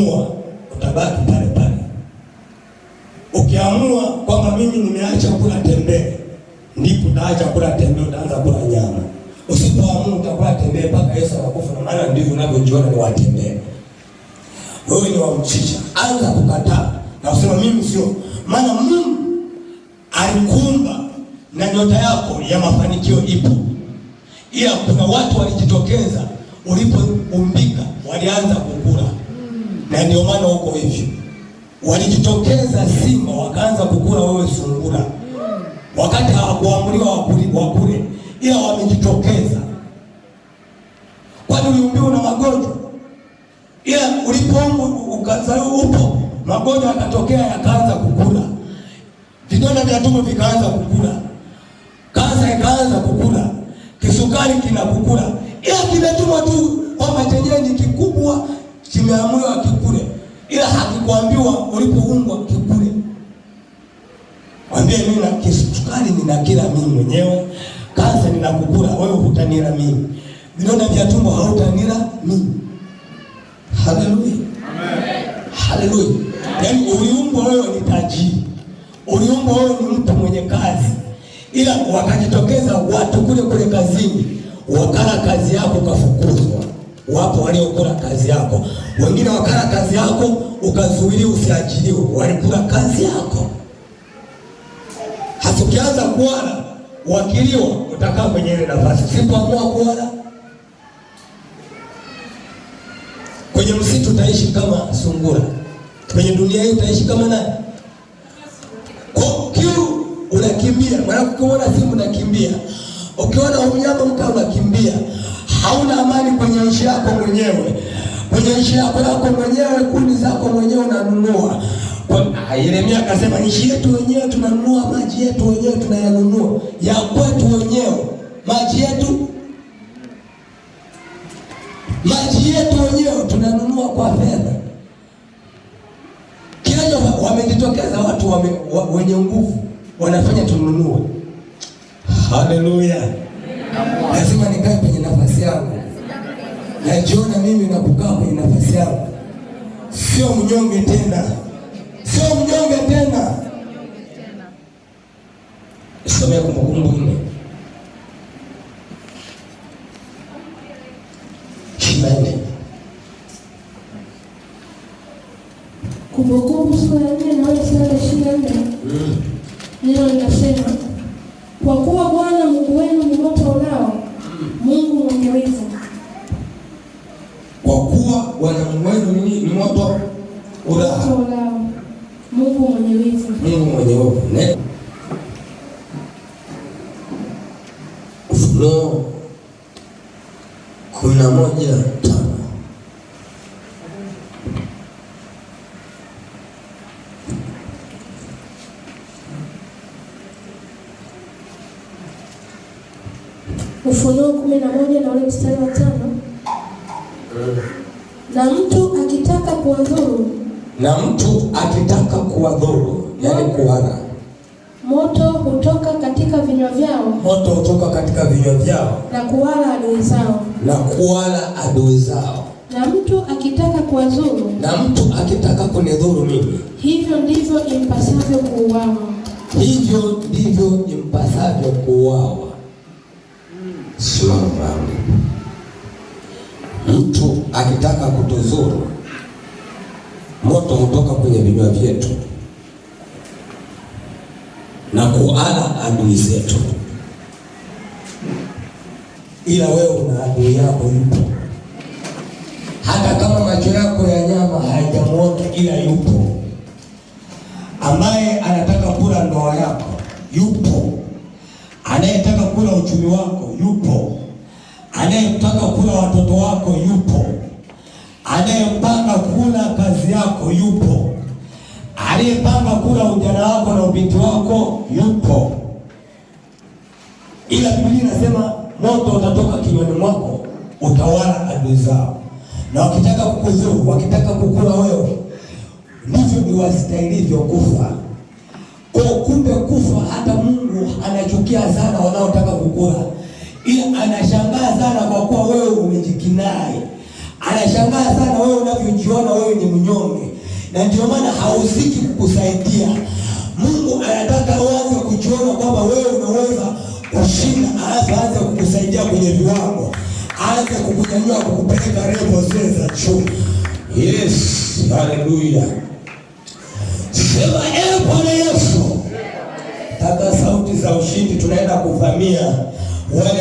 ukiamua utabaki pale pale. Ukiamua kwamba mimi nimeacha kula tembee, ndipo utaacha kula tembee, utaanza kula nyama. Usipoamua utakula tembee mpaka Yesu akufa, na maana ndivyo unavyojiona ni watembee. Wewe ni wamchisha, anza kukataa na usema mimi sio, maana Mungu alikuumba na nyota yako ya mafanikio ipo, ila kuna watu walijitokeza ulipoumbika, walianza kukula na ndio maana huko hivyo walijitokeza simba wakaanza kukula wewe sungura, wakati hawakuamriwa wakule, ila wamejitokeza. Kwani uliumbiwa na magonjwa, ila ulipoumbwa ukazaliwa upo, magonjwa yakatokea, yakaanza kukula, vidonda vya tumbo vikaanza kukula, kansa ikaanza kukula, kisukari kinakukula, ila kimetumwa tu kwamba chenyewe ni kikubwa, kimeamriwa sasa akikwambiwa ulipoungwa kikule, mwambie mimi na kisukari ninakila mimi mwenyewe, kansa ninakukula wewe, hutanira mimi, vidonda vya tumbo hautanira mimi. Haleluya, amen, haleluya. Yani uliumbwa wewe ni tajiri, uliumbwa wewe ni mtu mwenye kazi, ila wakajitokeza watu kule kule kazini wakala kazi yako, kafukuzwa Wapo waliokula kazi yako, wengine wakala kazi yako, ukazuiliwa usiajiliwe, walikula kazi yako. Hasa ukianza kuwala wakiliwa, utakaa kwenye ile nafasi. Usipoamua kuwala kwenye msitu, utaishi kama sungura. Kwenye dunia hii utaishi kama nani? Kwa kiu unakimbia, maana ukiona simu unakimbia, ukiona mnyama mkali unakimbia yako mwenyewe, kwenye nchi yako yako mwenyewe, kuni zako mwenyewe unanunua. Ah, Yeremia akasema nchi yetu wenyewe tunanunua, maji yetu wenyewe tunayanunua, ya kwetu wenyewe, maji yetu maji yetu wenyewe tunanunua kwa fedha. Kinacho wamejitokeza watu wame, wa, wenye nguvu wanafanya tununue. Haleluya, lazima nikae kwenye nafasi yangu najiona mimi napokaa kwenye nafasi yangu sio mnyonge tena, sio mnyonge tena. Somea Kumbukumbu nne ishirini na nne Kumbukumbu sura ya nne na aya ya ishirini na nne hmm. neno linasema Né? Ufunuo kumi na moja tano Ufunuo kumi na moja na ule mstari wa tano Na mtu akitaka kuwadhuru, na mtu akitaka kuwadhuru yani kuhara. Moto hutoka katika vinywa vyao, moto hutoka katika vinywa vyao na kuwala adui zao, na kuwala adui zao. Na mtu akitaka kuwazuru, na mtu akitaka kunidhuru mimi, hivyo ndivyo impasavyo kuuawa, hivyo ndivyo impasavyo kuuawa. Simama mtu akitaka kutuzuru, moto hutoka kwenye vinywa vyetu na kuala adui zetu, ila wewe una adui yako yupo, hata kama macho yako ya nyama hayajamuona, ila yupo, ambaye anataka kula ndoa yako yupo, anayetaka kula uchumi wako yupo, anayetaka kula watoto wako yupo, anayepanga kula kazi yako yupo Aliyepanga kula ujana wako na ubinti wako yupo, ila Biblia inasema moto utatoka kinywani mwako utawala adui zao, na wakitaka kukuzuru, wakitaka kukula wewe, ndivyo niwastahilivyo kufa. Kwa kumbe kufa, hata Mungu anachukia sana wanaotaka kukula, ila anashangaa sana kwa kuwa wewe umejikinai, anashangaa sana wewe unavyojiona wewe ni mnyonge na ndio maana hauziki kukusaidia. Mungu anataka uanze kujiona kwamba wewe unaweza kushinda, aanze kukusaidia kwenye viwango, aanze kukunyanyua, kukupeleka revo zile za juu. Yes, haleluya! Sema ee Bwana Yesu, taka sauti za ushindi, tunaenda kuvamia wale